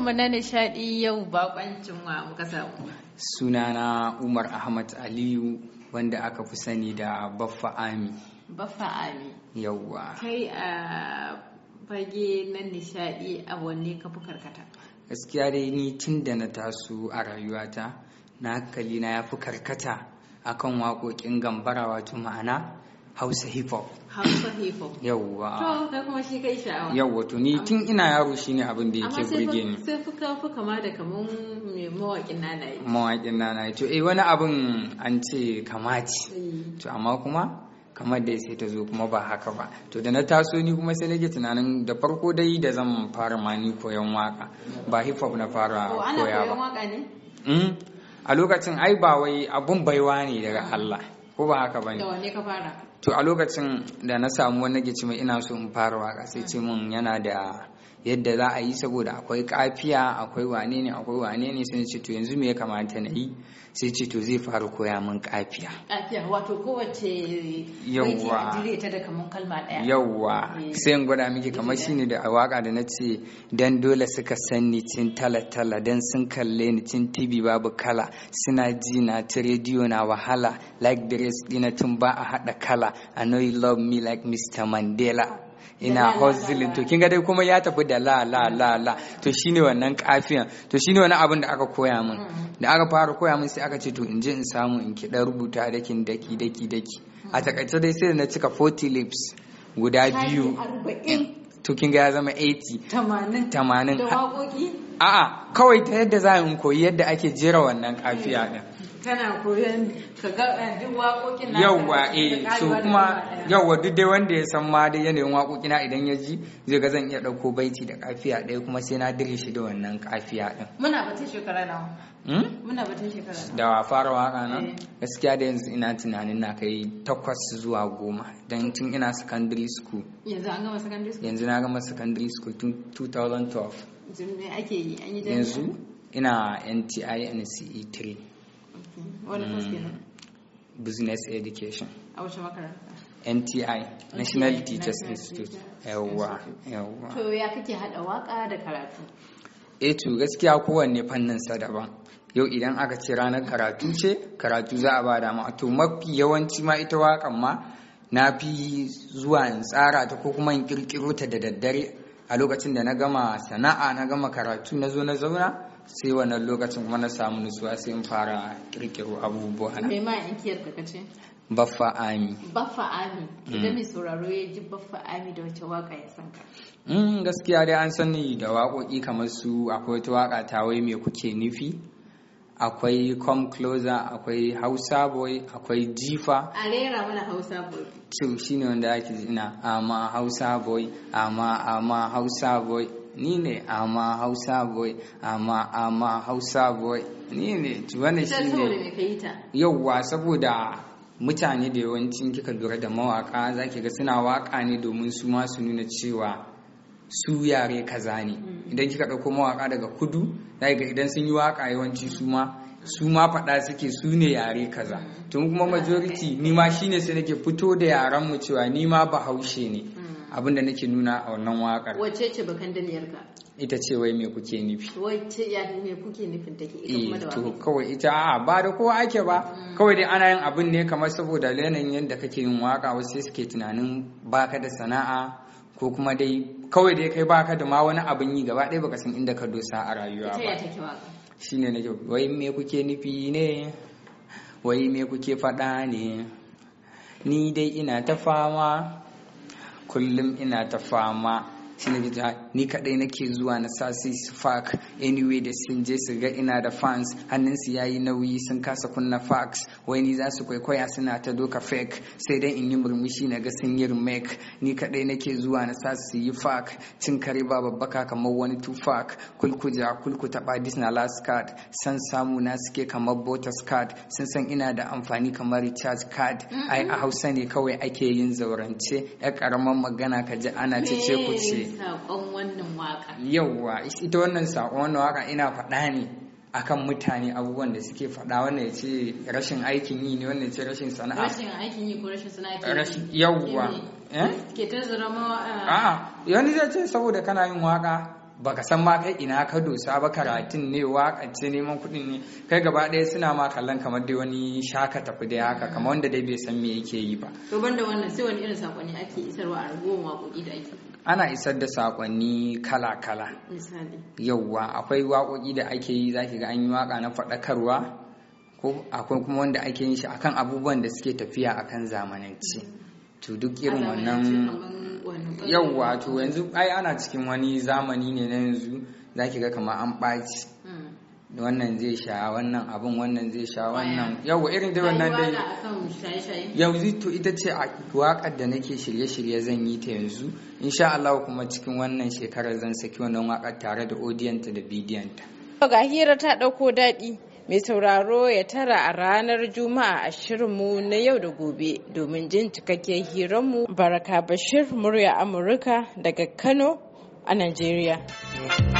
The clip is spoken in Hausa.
mu na nishadi yau bakoncin wa muka samu. Sunana Umar Ahmad Aliyu wanda aka fi sani da Baffa Ami. Baffa Ami. Yawwa. Kai a fage na nishadi a wanne ka fi karkata? Gaskiya dai ni tun da na taso a rayuwata na hankali na ya fi karkata akan waƙoƙin gambara wato ma'ana Hausa hip hop. Hausa hip hop. Yawwa. To kai kuma shi kai sha'awa. Yawwa to ni tun ina yaro shi ne abin da yake burge ni. Amma sai fuka fi kama da kaman mai mawaƙin nanaye. Mawaƙin nanaye. To eh wani abin an ce kamaci. Mm. To amma kuma kamar dai sai ta zo kuma ba haka ba to da na taso ni kuma sai nake tunanin da farko dai da zan fara ma ni koyon waka ba hip hop na fara koya ba hmm? a lokacin ai ba wai abun baiwa ne daga Allah ko ba haka ne? da wane ka fara to a lokacin da na samu wani gici mai ina so in fara waka sai ce mun yana da yadda za a yi saboda akwai kafiya akwai wane ne akwai wane ne sai ce to yanzu me ya kamata na yi sai ce to zai fara koya min kafiya kafiya wato kowace yawwa ta da kamar kalma daya yawwa eh. sai in gwada miki kamar shine da waka da nace dan dole suka sanni cin talatala dan sun kalle ni cin tibi babu kala suna ji na ta rediyo na wahala like dress dina tun ba a hada kala I know you love me like Mr. Mandela ina hustling to kin ga dai kuma ya tafi da la la la la to shine wannan kafiyan to shine wani abin da aka koya min mm. da aka fara koya min sai aka ce to in je in samu in kiɗa rubuta dakin daki daki daki a mm. takaice dai sai na cika 40 lips guda biyu to kin ga ya zama 80 80 a'a kawai ta yadda za in koyi yadda ake jera wannan kafiya mm. din tana koyon eh, duk waƙoƙin na yawwa eh so kuma yawwa duk dai wanda ya san ma dai yanayin waƙoƙi na idan ya ji zai ga zan iya ɗauko baiti da kafiya ɗaya kuma sai na dire shi da wannan kafiya ɗin muna batun shekara nawa hmm? muna batun shekara da fara waka na eh. gaskiya da yanzu ina tunanin na kai takwas zuwa goma don tun ina secondary school yanzu an gama secondary school yanzu na gama secondary school tun 2012 yanzu ina NTI NCE 3 Mm-hmm. wani mm, business education a wace makaranta NTI National Teachers Institute yawwa yawwa to ya kake hada waka da karatu eh to gaskiya kowanne fannin sa daban yau idan aka ce ranar karatu ce karatu za a ba dama to mafi yawanci ma ita wakan ma na fi zuwa in tsara ta ko kuma in kirkiro ta da daddare a lokacin da na gama sana'a na gama karatu na zo na zauna sai wannan lokacin kuma na samu nutsuwa sai in fara kirkiro abubuwa na. Me ma in kiyar ka ce? Baffa Ami. Baffa Ami. Idan mm. mai sauraro ya ji Baffa Ami da wace waka ya san ka? Mm, gaskiya dai an san ni da waƙoƙi kamar su akwai wata waka ta wai me kuke nufi. Akwai Come Closer, akwai Hausa Boy, akwai Jifa. A rera mana Hausa Boy. Cim shine wanda ake zina, ina, ama Hausa Boy, ama ama Hausa Boy, ni ne Amma hausa boy Amma Amma hausa boy ni ne wani shi ne yauwa saboda mutane da yawancin kika lura da mawaka za ga suna waka ne domin su ma su nuna cewa su yare kaza ne mm. idan kika ɗauko mawaka daga kudu za ga idan sun yi waka yawanci su ma su ma faɗa suke su ne yare kaza mm. tun kuma majority ni ma shine sai nake fito da yaran mu cewa nima ma bahaushe ne mm. abinda nake nuna a wannan wakar wacce ce bakan daniyarka ita ce wai me kuke nufi wacce ya me kuke nufin take ita kuma da eh, to kawai ita a ba da kowa ake ba mm. kawai dai ana yin abin ne kamar saboda yanayin yadda kake yin waka wasu suke tunanin baka da sana'a ko kuma dai kawai dai kai baka da ma wani abin yi gaba ɗaya baka san inda ka dosa a rayuwa ba ita ya take shine nake wai me kuke nufi ne wai me kuke faɗa ne ni dai ina ta fama kullum ina ta fama ni kadai nake zuwa na sasi fak. anyway da sun je su ga ina da fans hannun su yayi nauyi sun kasa kunna fax wai ni za su kwaikwaya suna ta doka fake sai dai in yi murmushi na ga sun yi remake ni kadai nake zuwa na sasi su yi fak. cin kare ba babbaka kamar wani tu tufac kulkuja kulku taba na last card san samu na suke kamar botas card sun san ina da amfani kamar recharge card ai a hausa ne kawai ake yin zaurance ya karamar magana ka ji ana ce ce ku ce saƙon wannan waƙa. yauwa ita wannan saƙon wannan waƙa ina faɗa ne akan mutane abubuwan da suke faɗa wanda ya ce rashin aikin yi ne wanda ya ce rashin sana'a rashin aikin yi ko rashin sana'a rashin yauwa ke eh? ta zira ma eh, a wani zai ce saboda kana yin waka Ba ka san ma kai ina ka dosa ba karatun ne wakance neman kudin ne kai gaba ɗaya suna ma kallon kamar dai wani shaka tafi da haka kamar wanda dai bai san me yake yi ba to banda wannan sai wani irin sakonni ake isarwa a ragowar waƙoƙi da ake ana isar da sakonni kala kala misali yauwa akwai waƙoƙi da ake yi zaki ga an yi waka na faɗakarwa ko akwai kuma wanda ake yin shi akan abubuwan da suke tafiya akan zamanance to duk irin wannan yauwa to yanzu ai ana cikin wani zamani ne na yanzu za ga kamar an ɓaci hmm. wannan zai sha wannan abin wannan zai sha wannan yau irin dai wannan dai yanzu to ita ce a waƙar da nake shirye-shirye zan yi ta yanzu insha Allah kuma cikin wannan shekarar zan saki wannan waƙar tare da odiyanta da bidiyanta. ga hira ta ɗauko daɗi mai sauraro ya tara a ranar Juma'a a shirinmu na yau da gobe domin jin cikakken hiranmu Baraka Bashir murya Amurka daga Kano a Najeriya.